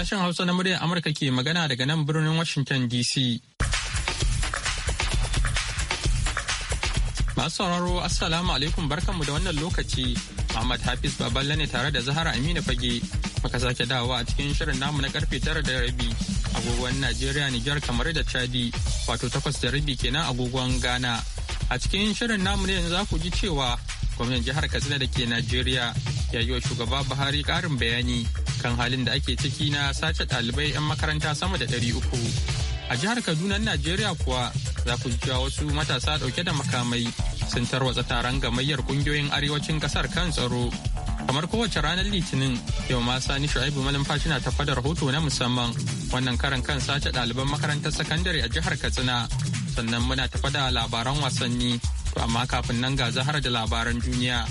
Sashen Hausa na muryar Amurka ke magana daga nan birnin Washington DC. Masu sauraro Assalamu alaikum barkanmu da wannan lokaci. Muhammad Hafiz Baballe ne tare da Zahara Aminu Fage. Muka sake dawowa a cikin shirin namu na karfe tara da rabi agogon Najeriya Nijar kamar da Chadi wato takwas da rabi kenan agogon Ghana. A cikin shirin namu ne yanzu za ku ji cewa gwamnan jihar Katsina da ke Najeriya ya yi wa shugaba Buhari ƙarin bayani kan halin da ake ciki na sace ɗalibai 'yan makaranta sama da ɗari uku. A jihar Kaduna Najeriya kuwa za ku cewa wasu matasa ɗauke da makamai sun tarwatsa taron gamayyar ƙungiyoyin arewacin ƙasar kan tsaro. Kamar kowace ranar Litinin, yau ma Sani Shu'aibu Malumfashi na tafa da rahoto na musamman wannan karan kan sace ɗaliban makarantar sakandare a jihar Katsina. Sannan muna tafa da labaran wasanni, to amma kafin nan ga zahar da labaran duniya.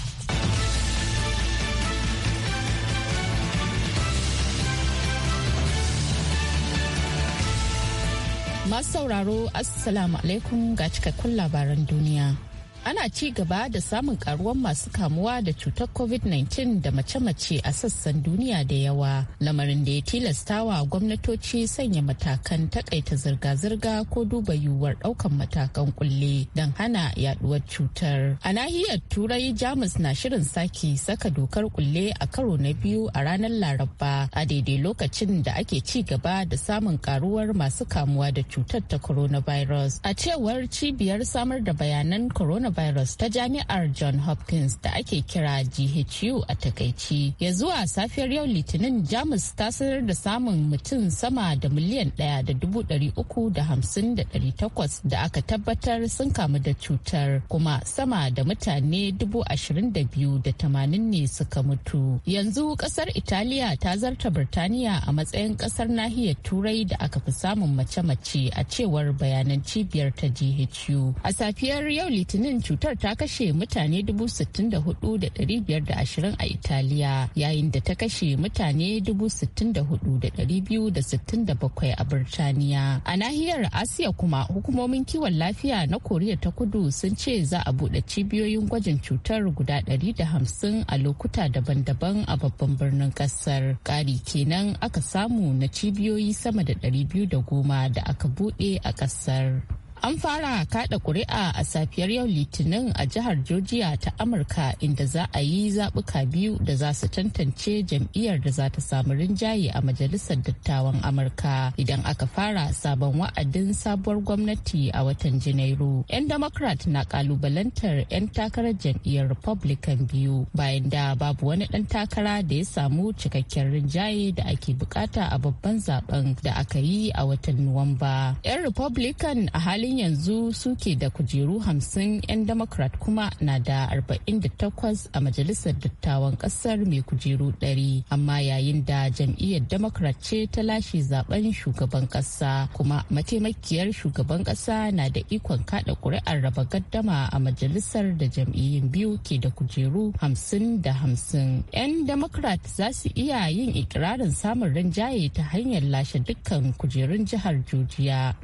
Masu sauraro Assalamu alaikum ga cikakkun labaran duniya. ana ci gaba da samun karuwan masu kamuwa da cutar covid-19 da mace-mace a sassan duniya da yawa lamarin da ya tilastawa gwamnatoci sanya matakan takaita zirga-zirga ko duba yiwuwar daukan matakan kulle don hana yaduwar cutar a nahiyar turai jamus na shirin sake saka dokar kulle a karo na biyu a ranar laraba a daidai lokacin da ake ci gaba da samun karuwar masu kamuwa da cutar ta coronavirus a cewar cibiyar samar da bayanan corona coronavirus ta jami'ar John Hopkins da ake kira GHU a takaici. Ya zuwa safiyar yau Litinin Jamus ta sanar da samun mutum sama da miliyan ɗaya da dubu ɗari uku da hamsin da ɗari takwas da aka tabbatar sun kamu da cutar kuma sama da mutane dubu ashirin da biyu da tamanin ne suka mutu. Yanzu ƙasar Italiya ta zarta Birtaniya a matsayin ƙasar nahiyar Turai da aka fi samun mace-mace a cewar bayanan cibiyar ta GHU. A safiyar yau Litinin cutar ta kashe mutane 64,520 a Italiya yayin da ta kashe mutane 64,267 a Birtaniya. A nahiyar Asiya kuma hukumomin kiwon lafiya na Koriya ta kudu sun ce za a buɗe cibiyoyin gwajin cutar guda 150 a lokuta daban-daban a babban birnin ƙasar. Ƙari kenan aka samu na cibiyoyi sama da 210 da aka buɗe a ƙasar. An fara kada kuri'a a safiyar yau Litinin a jihar Georgia ta Amurka inda za a yi zaɓuka biyu da za su tantance jam'iyyar da za ta samu rinjaye a Majalisar Dattawan Amurka idan aka fara sabon wa'adin sabuwar gwamnati a watan Janairu. 'Yan Democrat na kalubalantar 'yan takarar jam'iyyar Republican biyu bayan da babu wani ɗan takara da ya samu cikakken rinjaye da ake bukata a babban zaben da aka yi a watan Nuwamba. 'Yan Republican a halin halin yanzu suke da kujeru 50 'yan democrat kuma na da 48 a majalisar dattawan kasar mai kujeru 100 amma yayin da jam'iyyar democrat ce ta lashe zaben shugaban kasa kuma mataimakiyar shugaban kasa na da ikon kada kuri'ar raba gaddama a majalisar da jam'iyyun biyu ke da kujeru 50 da 50 'yan democrat za su iya yin ikirarin samun rinjaye ta hanyar lashe dukkan kujerun jihar Georgia.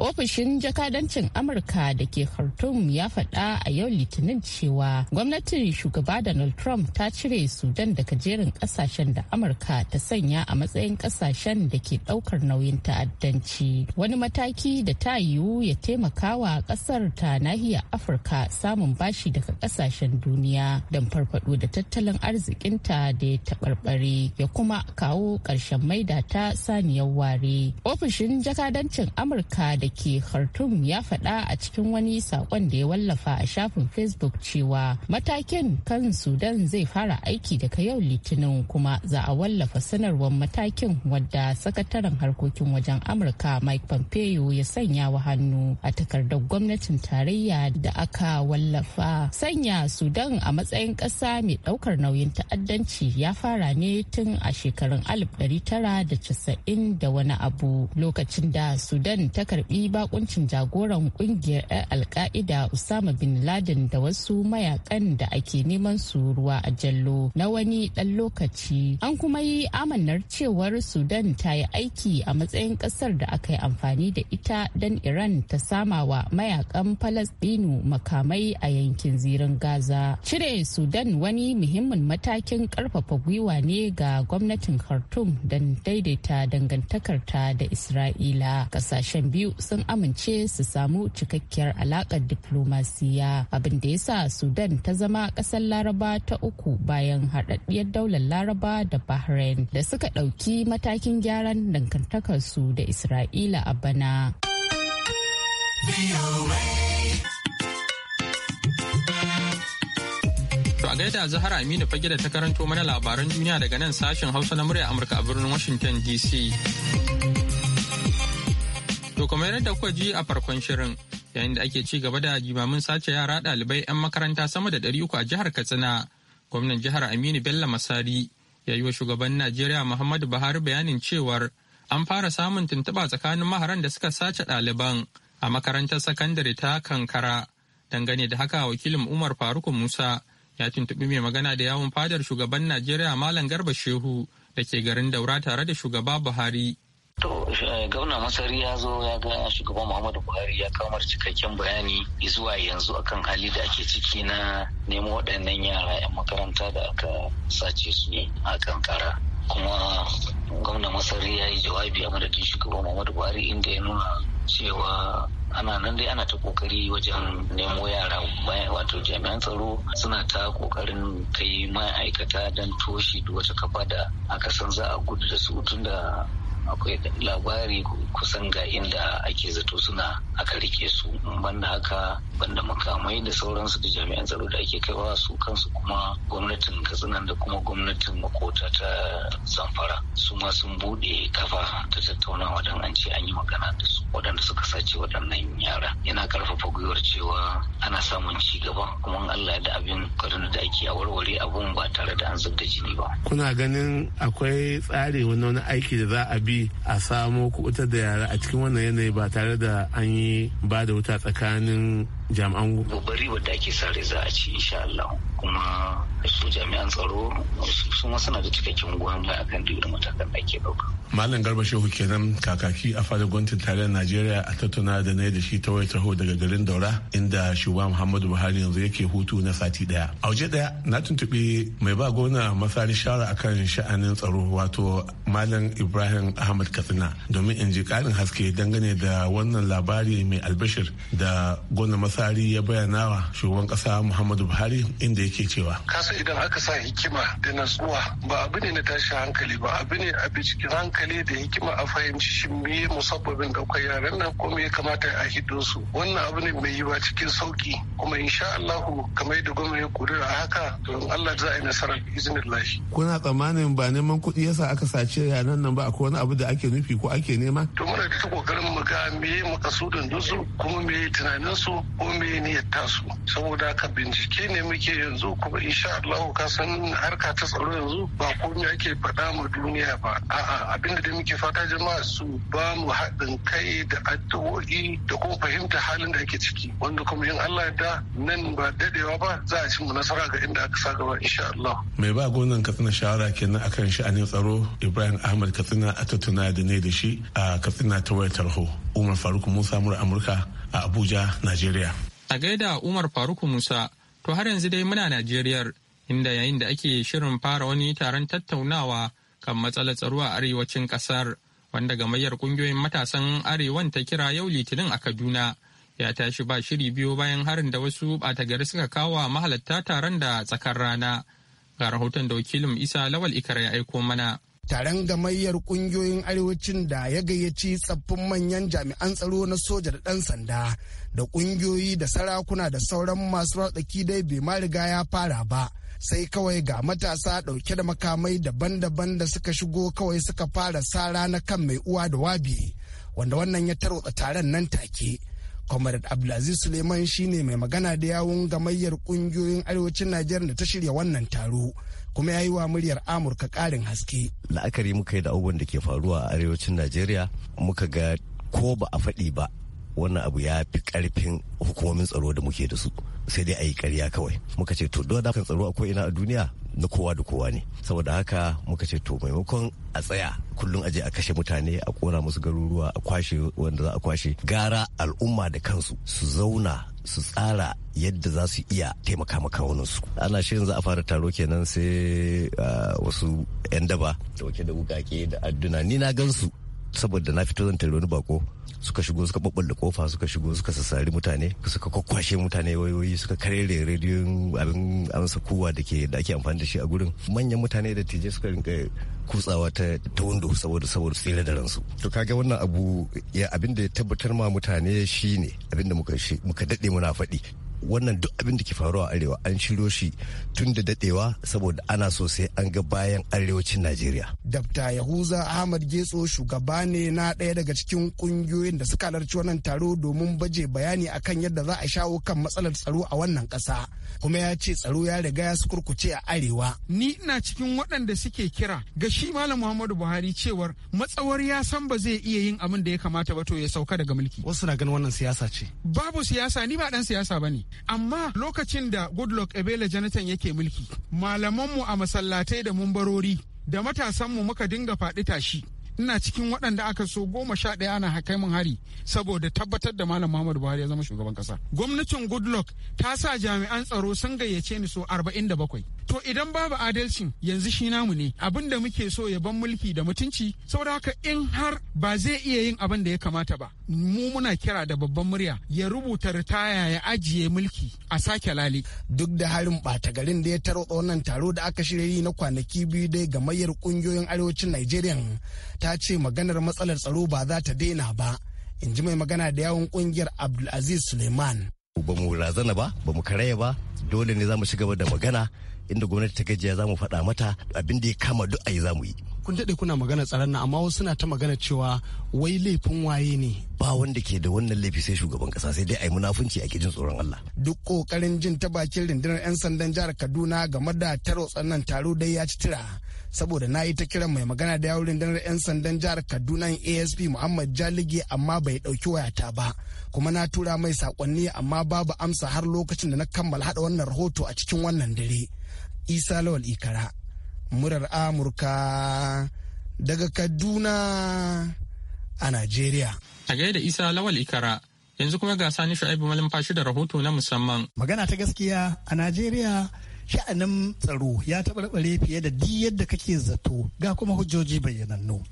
ofishin jakadancin amurka da ke khartoum ya faɗa a yau litinin cewa gwamnatin shugaba donald trump ta cire sudan daga jerin ƙasashen da amurka ta sanya a matsayin ƙasashen da ke ɗaukar nauyin ta'addanci wani mataki da ta yiwu ya taimaka wa ƙasar ta nahiyar afirka samun bashi daga ƙasashen duniya don farfaɗo da tattalin arzikinta da ya taɓarɓare ya kuma kawo ƙarshen maida ta saniyar ware ofishin jakadancin amurka da ke khartoum ya faɗa a cikin wani saƙon da ya wallafa a shafin facebook cewa matakin kan sudan zai fara aiki daga yau litinin kuma za a wallafa sanarwar matakin wadda sakataren harkokin wajen amurka mike pompeo ya sanya wa hannu a takardar gwamnatin tarayya da aka wallafa sanya sudan a matsayin ƙasa mai ɗaukar nauyin ta'addanci ya fara ne tun a shekarun 1990 da wani abu lokacin da sudan ta karbi karbi bakuncin jagoran kungiyar 'yan alka'ida Usama bin Laden da wasu mayakan da ake neman su ruwa a jallo na wani dan lokaci. An kuma yi amanar cewar Sudan ta yi aiki a matsayin kasar da aka yi amfani da ita don Iran ta sama wa mayakan palestinu makamai a yankin zirin Gaza. Cire Sudan wani muhimmin matakin karfafa gwiwa ne ga gwamnatin khartum don daidaita dangantakarta da Isra'ila. Kasashen biyu sun amince su samu cikakkiyar alakar diplomasiya abin da ya sa sudan ta zama kasar laraba ta uku bayan haɗaɗɗiyar daular laraba da bahrain da suka ɗauki matakin gyaran dangantakarsu da isra'ila a bana. a gaida Zahara Aminu fage da ta karanto mana labaran duniya daga nan sashen Hausa na murya Amurka a birnin Washington DC. To kamar yadda kuka ji a farkon shirin yayin da ake ci gaba da jimamin sace yara ɗalibai 'yan makaranta sama da ɗari uku a jihar Katsina, gwamnan jihar Aminu Bello Masari ya yi wa shugaban Najeriya Muhammadu Buhari bayanin cewar an fara samun tuntuɓa tsakanin maharan da suka sace ɗaliban a makarantar sakandare ta Kankara. Dangane da haka wakilin Umar Faruku Musa ya tuntuɓi mai magana da yawon fadar shugaban Najeriya Malam Garba Shehu da ke garin Daura tare da shugaba Buhari. To eh, gwamna Masari ya zo ya ga shugaban Muhammadu Buhari ya kamar cikakken bayani zuwa yanzu akan hali da ake ciki na nemo waɗannan yara 'yan makaranta da aka sace su a kankara. Kuma gwamna Masari ya yi jawabi a madadin shugaban Muhammadu Buhari inda ya nuna cewa ana nan dai ana ta kokari wajen nemo yara wato jami'an tsaro suna ta kokarin kai ma'aikata don toshe duk wata kafa da aka san za a gudu da su tunda akwai labari ko kusan ga inda ake zato suna aka rike su da haka banda makamai da sauransu da jami'an tsaro da ake kaiwa su kansu kuma gwamnatin katsina da kuma gwamnatin makota ta zamfara su ma sun bude kafa ta tattaunawa don an ce an yi magana da su waɗanda suka sace waɗannan yara yana karfafa gwiwar cewa ana samun ci gaba kuma allah da abin kwarin da ake a warware abun ba tare da an zub da jini ba kuna ganin akwai tsari wani wani aiki da za a bi a samo kubutar da yara a cikin wannan yanayi ba tare da an yi ba da wuta tsakanin jami'an gwamnati. Babbar ribar da ake sare za a ci insha Allah kuma su jami'an tsaro su ma suna da cikakken gwamna a kan duk matakan da ake ɗauka. Malam Garba Shehu kenan kakaki a fadar gwamnatin tarayyar Najeriya a tattauna da na da shi ta wayar taho daga garin Daura inda shugaban Muhammadu Buhari yanzu yake hutu na sati daya. A waje daya na tuntuɓi mai ba gwamna masari shara akan sha'anin tsaro wato Malam Ibrahim Ahmad Katsina domin in ji ƙarin haske dangane da wannan labari mai albashir da gwamna masari ya bayyana wa shugaban ƙasa Muhammadu Buhari inda yake cewa. sai idan aka sa hikima da natsuwa ba abu ne na tashi hankali ba abu ne a cikin hankali da hikima a fahimci shi me musabbabin daukar yaran nan ko me ya kamata a hiddo su wannan abu ne mai ba cikin sauki kuma insha Allah kamar yadda gwamnati ya kudura a haka to Allah za a yi nasara iznillah kuna tsammanin ba neman kuɗi yasa aka sace yaran nan ba akwai wani abu da ake nufi ko ake nema to muna ta kokarin mu ga me makasudin dusu kuma me tunanin su ko me niyyar tasu saboda haka bincike ne muke yanzu kuma insha Allah ka san harka ta tsaro yanzu ba komai ake faɗa ma duniya ba a'a abinda da muke fata jama'a su ba mu haɗin kai da addu'o'i da kuma fahimta halin da ake ciki wanda kuma yin Allah da nan ba dadewa ba za a ci mu nasara ga inda aka sa gaba insha Allah mai ba gonan Katsina shawara kenan akan sha'anin tsaro Ibrahim Ahmad Katsina a da ne da shi a Katsina ta wayar tarho Umar Faruk Musa mura Amurka a Abuja nigeria. a gaida Umar Faruk Musa to har yanzu dai muna Najeriyar inda yayin da ake shirin fara wani taron tattaunawa kan matsalar tsaro a arewacin kasar wanda gamayyar kungiyoyin matasan arewan ta kira yau litinin a kaduna ya tashi ba shiri biyu bayan harin da wasu bata gari suka kawo wa mahalatta taron da tsakar rana ga rahoton da wakilin isa lawal ikara ya aiko mana taron gamayyar kungiyoyin arewacin da ya gayyaci tsaffin manyan jami'an tsaro na soja da ɗan sanda da kungiyoyi da sarakuna da sauran masu ratsaki dai bai ma riga ya fara ba sai kawai ga matasa ɗauke da makamai daban-daban da suka shigo kawai suka fara sara na kan mai uwa da wabi wanda wannan ya tarwatsa taron nan take comrade abdulaziz suleiman shine mai magana da yawun gamayyar kungiyoyin arewacin najeriya da ta shirya wannan taro kuma ya yi wa muryar amurka ƙarin haske la'akari muka yi da abubuwan da ke faruwa a arewacin najeriya muka ga ko ba a faɗi ba wannan abu ya fi karfin hukumomin tsaro da muke da su sai dai a yi karya kawai muka ce to don kan tsaro akwai ina a duniya na kowa da kowa ne saboda haka muka ce to maimakon a tsaya kullum aje a kashe mutane a kora musu garuruwa a kwashe wanda za a kwashe gara al'umma da kansu su zauna su tsara yadda za su iya taimaka su ana shirin za a fara taro kenan sai ah, wasu 'yan daba dauke da wukake da adduna ni na gansu saboda na fito zan tare wani bako suka shigo suka da kofa suka shigo suka sassari mutane suka kwakwashe mutane wayoyi suka karere rediyon abin amsa kowa da ke da ake amfani da shi a gurin manyan mutane da tije suka rinka kutsawa ta ta wando saboda saboda tsira da ransu to kaga wannan abu ya abin da ya tabbatar ma mutane shine abin da muka muka dade muna faɗi wannan duk abin da ke faruwa a arewa an shiro shi tun da dadewa saboda ana so sai an ga bayan arewacin najeriya dabta yahuza ahmad getso shugaba ne na ɗaya daga cikin ƙungiyoyi kungiyoyin da suka halarci wannan taro domin baje bayani akan yadda za a shawo kan matsalar tsaro a wannan kasa kuma ya ce tsaro ya riga ya su kurkuce a arewa ni ina cikin waɗanda suke kira ga shi malam muhammadu buhari cewar matsawar ya san ba zai iya yin abin da ya kamata ba to ya sauka daga mulki wasu na ganin wannan siyasa ce babu siyasa ni ba dan siyasa ba ne. amma lokacin da goodluck ebele jonathan yake mulki malamanmu a masallatai da mumbarori da matasanmu muka dinga faɗi tashi ina cikin waɗanda aka so goma sha ɗaya ana hakai mun hari saboda tabbatar da malam muhammadu buhari ya zama shugaban ƙasa gwamnatin goodluck ta sa jami'an tsaro sun gayyace ni so arba'in da bakwai to idan babu adalcin yanzu shi namu ne abin da muke so ya ban mulki da mutunci saboda haka in har ba zai iya yin abin da ya kamata ba mu muna kira da babban murya ya rubuta ritaya ya ajiye mulki a sake lali duk da harin bata garin da ya taro wannan taro da aka shirya yi na kwanaki biyu dai gamayyar kungiyoyin arewacin Najeriya ta ce maganar matsalar tsaro ba za ta daina ba in ji mai magana da yawon kungiyar Abdulaziz Suleiman ba mu razana ba ba mu karaya ba dole ne za mu shiga da magana inda gwamnati ta gajiya za mu faɗa mata abin da ya kama duk ayi za mu yi kun daɗe kuna magana tsaron nan amma wasu suna ta magana cewa wai laifin waye ne ba wanda ke da wannan laifi sai shugaban ƙasa, sai dai a yi munafunci a jin tsoron Allah duk kokarin jin ta bakin rindinar yan sandan jihar Kaduna game da taro tsannan taro dai ya ci tira saboda na yi ta kiran mai magana da yawurin danar 'yan sandan jihar kaduna asp muhammad jalige amma bai ɗauki wayata ba kuma na tura mai sakonni, amma babu amsa har lokacin da na kammala haɗa wannan rahoto a cikin wannan dare isa lawal ikara murar amurka daga kaduna a najeriya a gaida isa lawal ikara yanzu kuma ga sani shu'aibu malumfashi da rahoto na musamman magana ta gaskiya a najeriya sha'anin tsaro ya taɓarɓare fiye da duk yadda kake zato ga kuma hujjoji bayyanannu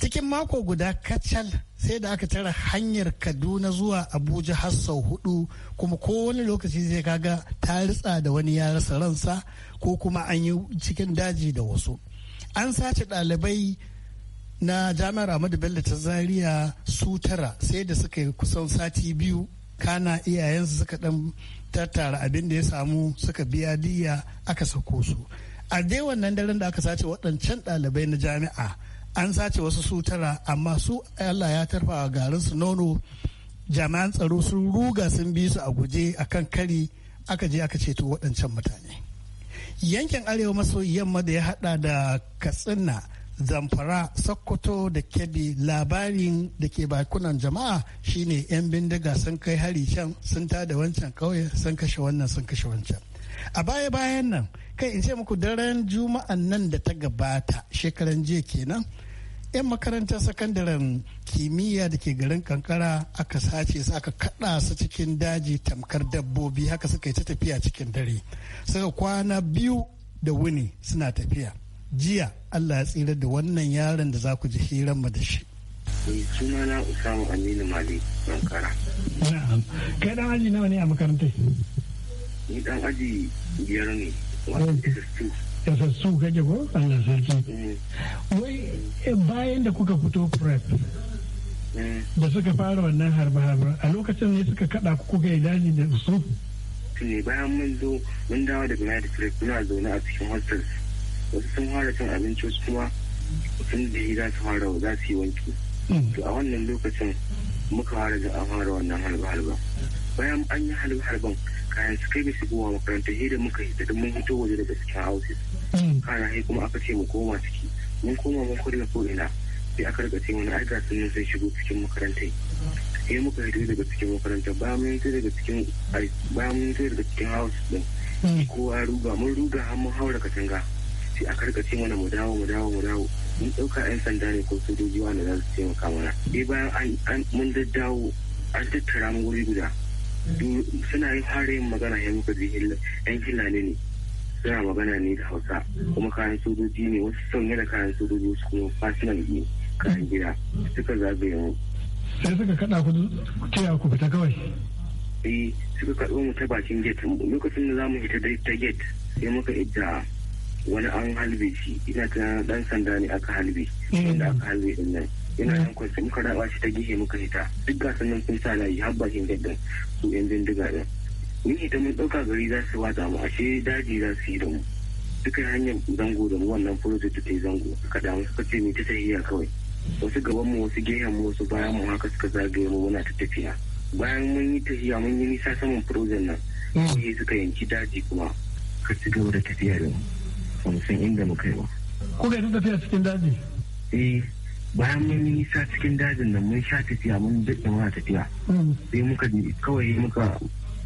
cikin mako guda kacal sai da aka tara hanyar kaduna zuwa abuja har sau hudu kuma kowane lokaci zai kaga ta ritsa da wani ya rasa ransa ko kuma an yi cikin daji da wasu an sace ɗalibai na jami'ar ahmadu bello ta zaria su tara sai da suka yi kusan sati biyu kana iyayensu suka dan tattara abin da ya samu suka biya diya aka sauko su a dai wannan daren da aka sace waɗancan ɗalibai na jami'a an sace wasu su tara amma su allah ya tarfa garin su nono jami'an tsaro sun ruga sun bi su a guje a kan kari aka je aka ceto waɗancan mutane yankin arewa maso yamma da ya haɗa da katsina zamfara sokoto da kebbi labarin da ke bakunan jama'a shine 'yan bindiga sun kai hari can sun da wancan kauye sun kashe wannan sun kashe wancan a baya bayan nan kai in ce muku daren juma'an nan da ta gabata shekaran jiya kenan 'yan makarantar sakandaren kimiyya da ke garin kankara aka sace su aka kada su cikin daji tamkar dabbobi haka suka yi ta tafiya cikin dare suka kwana biyu da wuni suna tafiya jiya allah ya tsira da wannan yaron da za ku ji hiran mu da shi eh, suna na usamu aminu mali kankara kai dan aji nawa ne a makarantar ni dan aji biyar ne wato eh. kake ko allah sarki eh. wai bayan da kuka fito prep da suka fara wannan harba-harba a lokacin ne suka kada ku kuka yi daji da su Tune bayan mun zo mun dawo daga united states muna zaune a cikin hostels wasu sun fara cin abinci wasu kuma sun ji za su fara za su yi wanki mm. to a wannan lokacin muka fara da an fara wannan halba-halba bayan an yi halba-halban kayan su kai da su gowa makaranta he da muka yi da mun hito waje daga cikin houses mm. kana he kuma aka ce mu koma ciki mun koma mun kurya ko ina sai aka riga ce wani aika sun sun sai shigo cikin makarantai sai muka hito daga cikin makaranta bayan mun yi daga cikin bayan mun daga cikin house din mm. kowa ruga mun ruga har mun haura katanga a aka wani mu dawo mu dawo mu dawo mun ɗauka 'yan sanda ne ko sojoji wanda za su taimaka mana sai eh, bayan an mun daddawo an tattara mu wuri guda suna yin fara yin magana ya muka ji yan hilani ne suna magana ne da hausa kuma kayan sojoji ne wasu sanye da kayan sojoji wasu kuma fasinan ne kayan gida suka zagaye mu sai suka kaɗa ku a ku fita kawai eh suka kaɗo mu ta bakin gate lokacin da za mu fita ta gate sai muka idda wani an halbe shi ina ta dan sanda ne aka halbe wanda aka halbe din nan ina nan kwasa muka raba shi ta gihe muka hita duk gasan nan sun sa layi yi har bakin gaddan su yan bindiga din ni ita mun dauka gari za su wata mu ashe daji za su yi da mu duka hanyar zango da mu wannan project ta yi zango suka damu suka ce ni ta tahiya kawai wasu gaban mu wasu gehen mu wasu bayan mu haka suka zagaye mu muna ta tafiya bayan mun yi tafiya mun yi nisa saman frozen nan hmm. sai suka yanki daji kuma ka ci gaba da tafiya da mu mu inda muka yi ba. Kuka yi tafiya cikin daji? Eh, bayan mun yi sa cikin dajin nan mun sha tafiya mun daɗe muna tafiya. Hmm. Sai muka kawai muka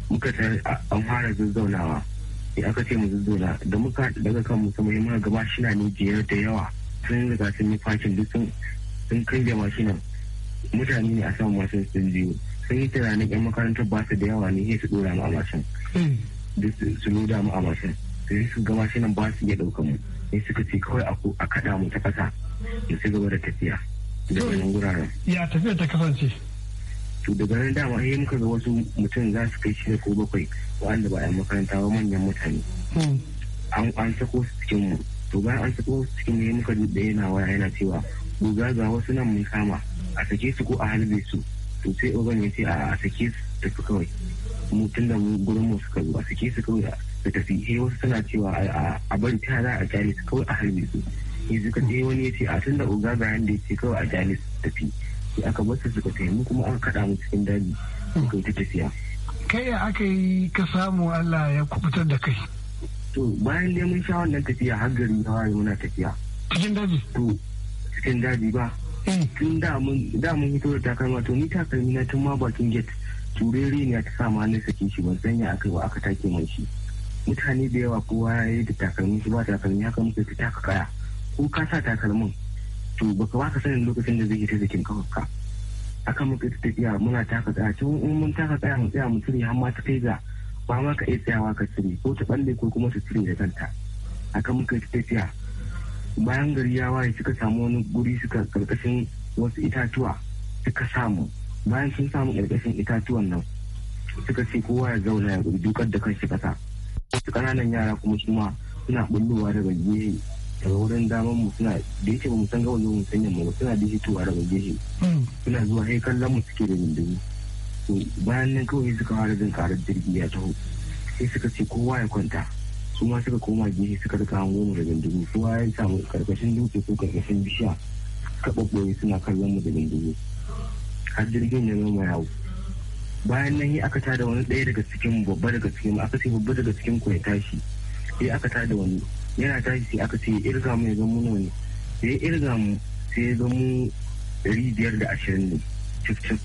muka ta an fara zazzaunawa. Sai aka ce mu zazzauna da muka daga kan mu sama mun gaba shi na jiyar da yawa. Sun riga sun yi fakin duk sun sun kai da mashinan. Mutane ne a saman mashin sun biyu. Sun yi tunanin 'yan makarantar ba su da yawa ne sai su ɗora mu a mashin. Eh. Duk su loda mu a mashin. sai sun gama shi nan ba su iya ɗaukan mu sai suka ce kawai a kaɗa mu ta kasa mu ci gaba da tafiya da wannan wuraren. ya tafiya ta kasance. to daga nan dama sai muka ga wasu mutum za su kai shida ko bakwai wanda ba a makaranta ba manyan mutane. Hmm. an sako su cikin mu to bayan an sako su cikin mu sai muka da yana waya yana cewa gobe ga wasu nan mun kama a sake su ko a halbe su to sai ogan ya ce a sake su tafi kawai mu da mu gurin mu suka zo a sake su kawai su tafi sai wasu suna cewa a bari ta za a kyale su kawai a harbe su sai suka sai wani ya ce a tun da oga ga da ya ce kawai a kyale su tafi sai aka bar su suka taimu kuma an kaɗa mu cikin daji suka yi ta tafiya. kai ya aka yi ka samu Allah ya kubutar da kai. to bayan neman mun sha wannan tafiya har gari na waye muna tafiya. cikin daji. to cikin daji ba. Eh. tun da mun hito da takalma to ni takalmi na tun ma bakin gate turere ne ta sa ma na sakin shi ban sanya akai ba aka take mai shi. mutane da yawa kowa ya yi da takalmi su ba takalmi haka muka fita ka kaya ko ka sa takalmin to ba ka sanin lokacin da zai yi ta jikin kafarka akan muka ta tafiya muna taka tsaya tun in mun taka tsaya mu tsaya mu cire har ma ta kai ga ba ma ka iya tsayawa ka cire ko ta balle ko kuma ta cire da kanta akan muka ta tafiya bayan gari ya waye suka samu wani guri suka karkashin wasu itatuwa suka samu bayan sun samu karkashin itatuwan nan suka ce kowa ya zauna ya dukar da kanshi kasa kananan yara kuma su ma suna bullowa daga gehe daga wurin daman mu suna da yake mu san gawa mu san yamma suna da hitowa daga gehe hmm. suna zuwa sai kallon mu suke da dindimi to bayan nan kawai suka fara jin karar jirgi ya taho sai suka ce kowa ya kwanta su ma suka koma gehe suka rika hango mu da dindimi su ma ya samu karkashin dutse ko karkashin bishiya suka babboye suna kallon mu da dindimi har jirgin ya zama hau bayan nan yi aka tada wani ɗaya daga cikin babba daga cikin aka ce babba daga cikin ku ya tashi sai aka tada wani yana tashi sai aka ce irga mu ya zama nuna ne sai irga mu sai ya zama ɗari biyar da ashirin ne cif cif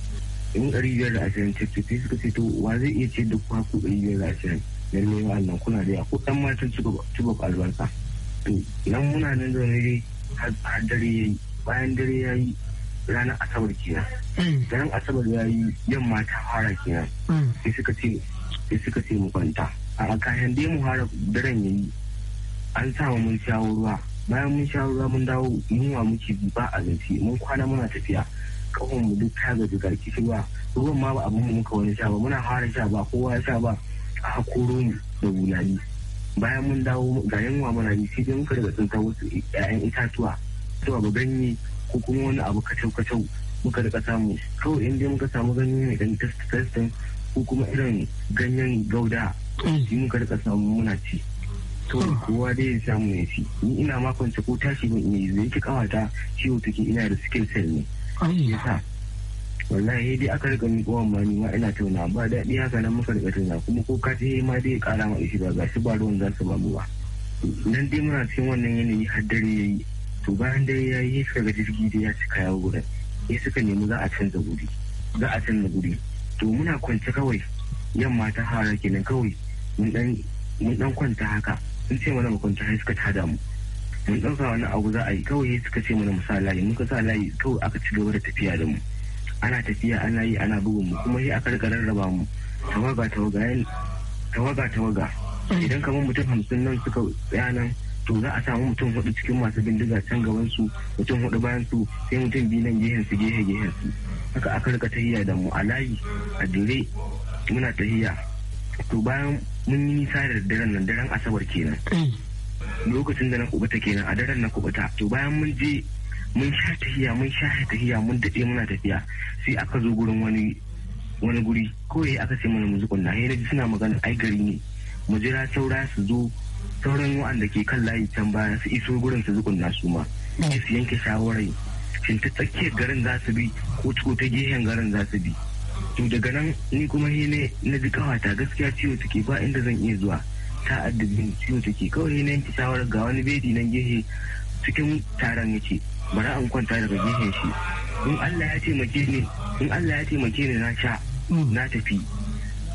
in ɗari biyar da ashirin cif cif sai suka ce to wa zai iya ce da kwa ku ɗari biyar da ashirin lallai wa nan kuna da ya ko ɗan matan cibab albarka to nan muna nan da dai har dare ya yi bayan dare ya yi ranar asabar kenan mm. ranar asabar ya yi yamma ta fara kenan mm. sai suka ce mu kwanta a kayan dai mu fara daren yayi an sa mun shawo ruwa bayan mun shawo ruwa mun dawo yunwa muke ba zance mun kwana muna tafiya kafin mu duk ta gaji ga ruwa ruwan ma ba abin mu muka wani sha ba muna fara sha ba kowa ya sha ba a hakoro mu da bulali bayan mun dawo ga yunwa muna ji sai dai muka daga tsinta wasu 'ya'yan itatuwa zuwa ba ganye ko kuma wani abu kacau-kacau muka rika samu kawai in dai muka samu ganye mai dan testin ko kuma irin ganyen gauda shi muka rika samu muna ci to kowa dai ya samu ya ci ni ina makonce ko tashi ban yi zai ki kawata ciwo take ina da skill set ne yasa wallahi dai aka riga ni kowa ma ni ma ina tauna ba daɗi haka nan muka rika tauna kuma ko ka ce ma dai ya kara ma ishi ba ga shi ba ruwan za su ba mu ba nan dai muna cikin wannan yanayi har dare yayi to bayan da ya yi shiga jirgi da ya cika ya guda ya suka nemi za a canza guri za a canza guri to muna kwance kawai yamma ta hara kenan kawai mun dan kwanta haka sun ce mana mu kwanta sai suka tada mu mun ɗauka wani abu za a yi kawai suka ce mana mu sa layi ka sa layi kawai aka ci gaba da tafiya da mu ana tafiya ana yi ana bugun mu kuma sai aka rika rarraba mu tawaga tawaga tawaga tawaga idan kamar mutum hamsin nan suka tsaya nan to za a samu mutum hudu cikin masu bindiga can gaban su mutum hudu bayan su sai mutum biyu nan gehen su gehe gehen su haka aka rika tahiya da mu a layi a dire muna tahiya to bayan mun yi nisa da daren nan daren asabar kenan lokacin da na kubuta kenan a daren na kubuta to bayan mun je mun sha tahiya mun sha tahiya mun daɗe muna tafiya sai aka zo gurin wani wani guri kawai aka ce mana mu zuƙunna na ji suna magana ai gari ne mu jira saura su zo sauran wa'anda ke kan layi can baya su iso gurin su zukunna su ma su yanke shawarai shin ta tsakiyar garin za su bi ko ciko ta gehen garin za su bi to daga nan ni kuma ne na ji kawata gaskiya ciwo take ba inda zan iya zuwa ta addabin ciwo take kawai na yanke shawarar ga wani bedi nan gehe cikin taron yace bari an kwanta daga gehen shi in Allah ya taimake ni in Allah ya taimake ni na sha mm. na tafi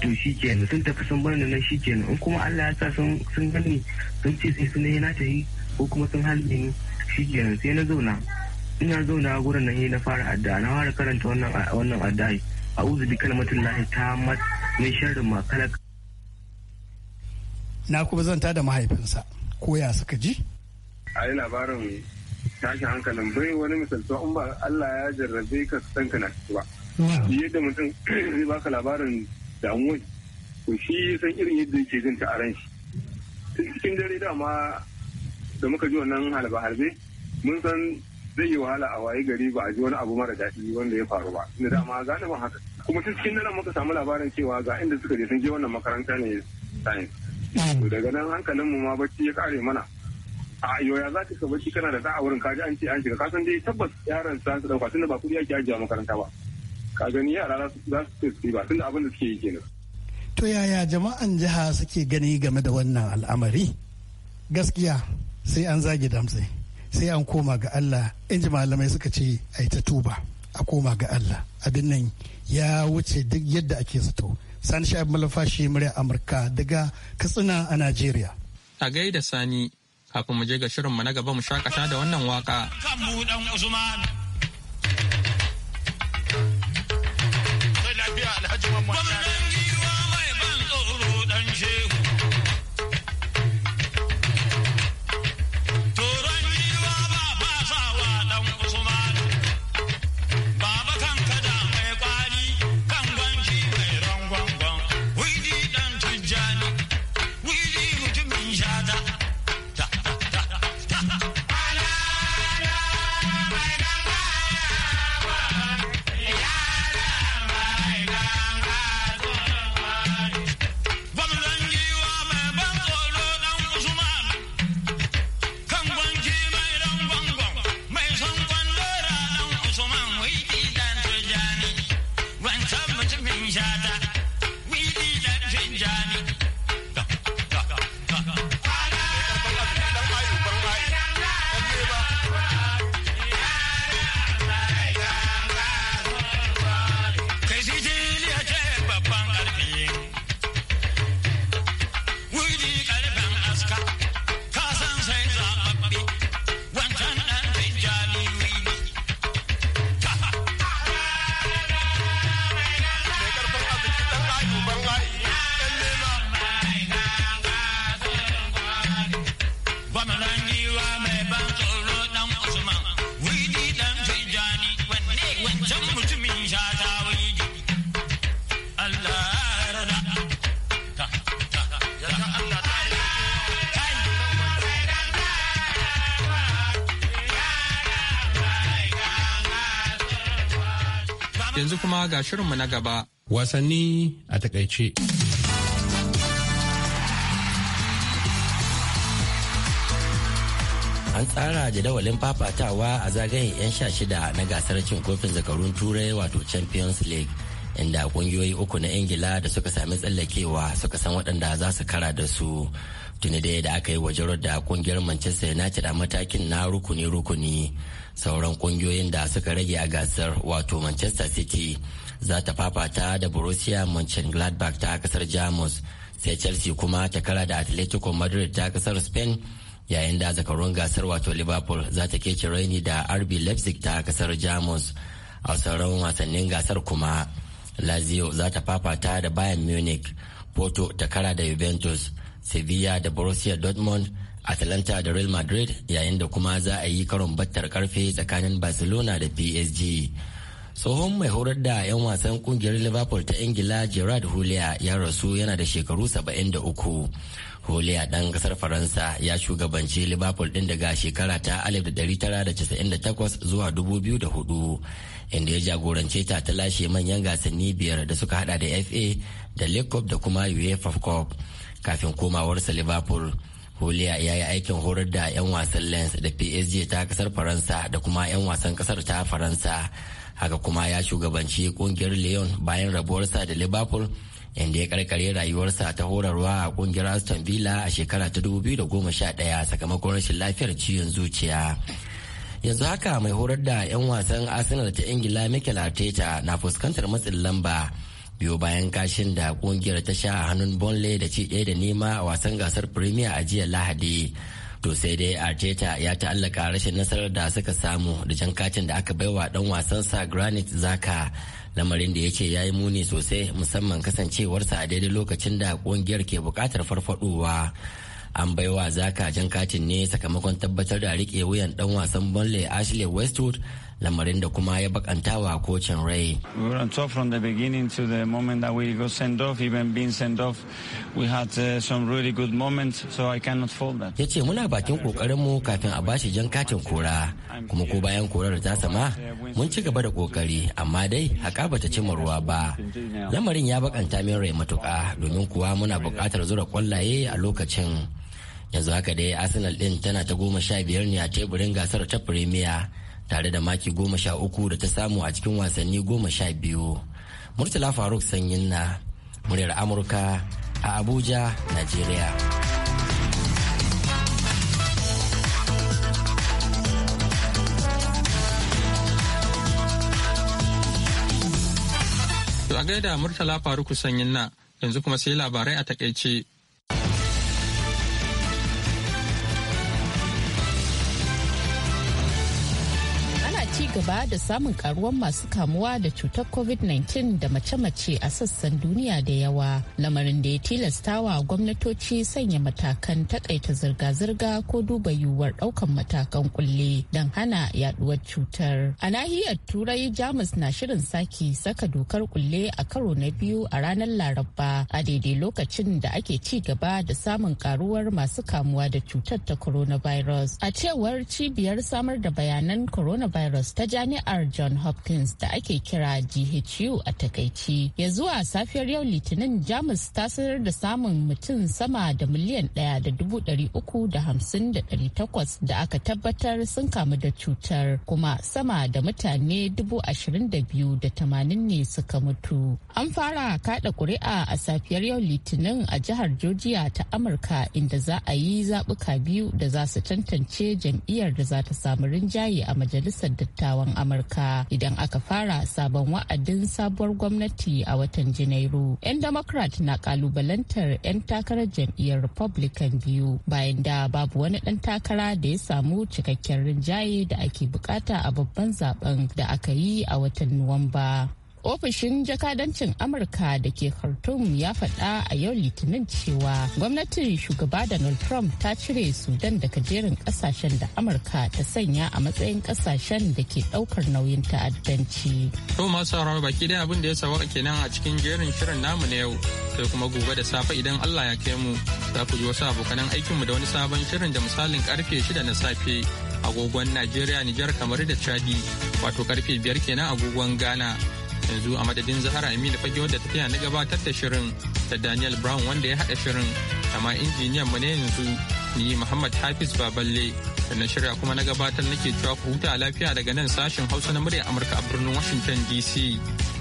to shi kenan sun tafi sun bar nan shi kenan in kuma Allah ya sa sun sun gani sun ce sai sun yana ta yi ko kuma sun halbe ni shi kenan sai na zauna ina zauna gurin nan na fara addu'a na fara karanta wannan wannan addu'a a'udhu bi kalmatillahi tammat min sharri ma khalaq na kuma zanta da mahaifinsa ko ya suka ji a yi labarin tashi hankalin bai wani misaltuwa in ba Allah ya jarrabe ka san ka na ba yadda mutum zai baka labarin damuwa ko shi san irin yadda yake jin ta a ran shi tun cikin dare dama da muka ji wannan halba halbe mun san zai yi wahala a waye gari ba a ji wani abu mara daɗi wanda ya faru ba inda dama galiban haka kuma tun cikin dare muka samu labarin cewa ga inda suka je sun je wannan makaranta ne science daga nan hankalinmu ma bacci ya kare mana a yoya za ka bacci kana da da'a wurin kaji an ce an shiga kasan dai tabbas yaran sa su dauka tunda ba kudi ake ajiye makaranta ba ka gani yara za su ce ba tunda abin da suke yi kenan to yaya jama'an jiha suke gani game da wannan al'amari gaskiya sai an zage damtse sai an koma ga Allah in ji malamai suka ce a ta tuba a koma ga Allah abin nan ya wuce duk yadda ake zato sani sha'ib malafashi murya amurka daga katsina a najeriya a gaida sani kafin mu je ga shirinmu na gaba mu shakata da wannan waka kan buɗan usman alhaji mamman ga shirinmu na gaba. Wasanni a takaice. An tsara jadawalin fafatawa a zagayen 'yan sha shida na gasar cin kofin zakarun turai wato Champions League. inda kungiyoyi uku na ingila da suka sami tsallakewa suka san waɗanda za su kara da su tuni dai da aka yi wajen da kungiyar manchester united a matakin na rukuni-rukuni sauran kungiyoyin da suka rage a gasar wato manchester city za ta fafata da borussia mönchengladbach ta kasar jamus sai chelsea kuma ta kara da atletico madrid ta kasar spain yayin da zakarun gasar wato liverpool za ta kece raini da rb leipzig ta kasar jamus a sauran wasannin gasar kuma lazio za ta fafata da bayern munich porto ta kara da juventus sevilla da borussia dortmund atalanta da real madrid yayin da kuma za a yi karon battar karfe tsakanin barcelona da psg tsohon mai horar da 'yan wasan kungiyar liverpool ta ingila gerard hulia ya rasu yana da shekaru 73 hulia dan ƙasar faransa ya shugabanci liverpool ɗin daga shekara ta 1998 zuwa 2004 inda ya jagorance ta ta lashe manyan gasanni biyar da suka hada da fa da league cup da kuma uefa cup kafin komawarsa liverpool Huliya ya yi aikin horar da 'yan wasan Lens da PSG ta kasar Faransa da kuma 'yan wasan kasar ta Faransa. Haka kuma ya shugabanci kungiyar Lyon bayan rabuwarsa da Liverpool inda ya karkare rayuwarsa ta horarwa a kungiyar Aston Villa a shekara ta 2011 sakamakon rashin lafiyar ciwon zuciya. Yanzu haka mai horar da 'yan wasan Arsenal ta Ingila Mikel Arteta na fuskantar matsin lamba. biyo bayan kashin da kungiyar ta sha a hannun bonley da ci ɗaya da nema a wasan gasar premier a jiya lahadi to sai dai arteta ya ta'allaka rashin nasarar da suka samu da jan katin da aka baiwa dan wasansa granit zaka lamarin da ya ce ya yi muni sosai musamman kasancewarsa a daidai lokacin da kungiyar ke bukatar farfadowa an baiwa zaka jan katin ne sakamakon tabbatar da rike wuyan dan wasan bonley ashley westwood lamarin da kuma ya bakanta wa kocin rai. We were on top from the beginning to the moment that we got sent off, even being sent off, we had uh, some really good moments, so I cannot fault that. Ya ce muna bakin kokarin mu kafin a bashi jan katin kora, kuma ko bayan korar ta sama mun ci gaba da kokari, amma dai haka bata ci ruwa ba. Lamarin ya bakanta min rai matuka domin kuwa muna buƙatar zura kwallaye a lokacin. yanzu haka dai arsenal din tana ta goma sha biyar ne a teburin gasar ta premier tare da maki goma sha uku da ta samu a cikin wasanni goma sha biyu murtala faruk sanyin na muryar amurka a abuja nigeria a gaida murtala faruk sanyin na yanzu kuma sai labarai a takaice gaba da samun karuwan masu kamuwa da cutar covid-19 da mace-mace a sassan duniya da yawa lamarin da ya tilastawa gwamnatoci sanya matakan takaita zirga-zirga ko duba yiwuwar daukan matakan kulle don hana yaduwar cutar a nahiyar turai jamus na shirin saki saka dokar kulle a karo na biyu a ranar laraba a daidai lokacin da ake ci gaba da samun karuwar masu kamuwa da cutar ta coronavirus a cewar cibiyar samar da bayanan coronavirus ta jami'ar John Hopkins da ake kira GHU a takaici. Ya zuwa safiyar yau Litinin Jamus ta sanar da samun mutum sama da miliyan ɗaya da dubu ɗari uku da hamsin da ɗari takwas da aka tabbatar sun kamu da cutar kuma sama da mutane dubu ashirin da biyu da tamanin ne suka mutu. An fara kaɗa ƙuri'a a safiyar yau Litinin a jihar Georgia ta Amurka inda za a yi zaɓuka biyu da za su tantance jam'iyyar da za ta samu rinjaye a majalisar dattawa. dattawan amurka idan aka fara sabon wa'adin sabuwar gwamnati a watan janairu 'yan democrat na kalubalantar 'yan takarar jam'iyyar republican biyu bayan da babu wani dan takara da ya samu cikakken rinjaye da ake bukata a babban zaben da aka yi a watan nuwamba ofishin jakadancin amurka da ke khartoum ya faɗa a yau litinin cewa gwamnatin shugaba donald trump ta cire sudan daga jerin kasashen da amurka ta sanya a matsayin kasashen da ke ɗaukar nauyin ta'addanci to masu sauraro baki dai abin da ya sawa kenan a cikin jerin shirin namu na yau sai kuma gobe da safe idan allah ya kai mu za ku ji wasu abokanan aikinmu da wani sabon shirin da misalin karfe shida na safe agogon najeriya nijar kamar da chadi wato karfe biyar kenan agogon ghana yanzu a madadin zahara aminu fage wadda ta na gabatar da shirin da daniel brown wanda ya haɗa shirin amma injiniyan mu ne yanzu ni muhammad hafiz baballe da na shirya kuma na gabatar nake cewa ku huta lafiya daga nan sashen hausa na murya amurka a birnin washington dc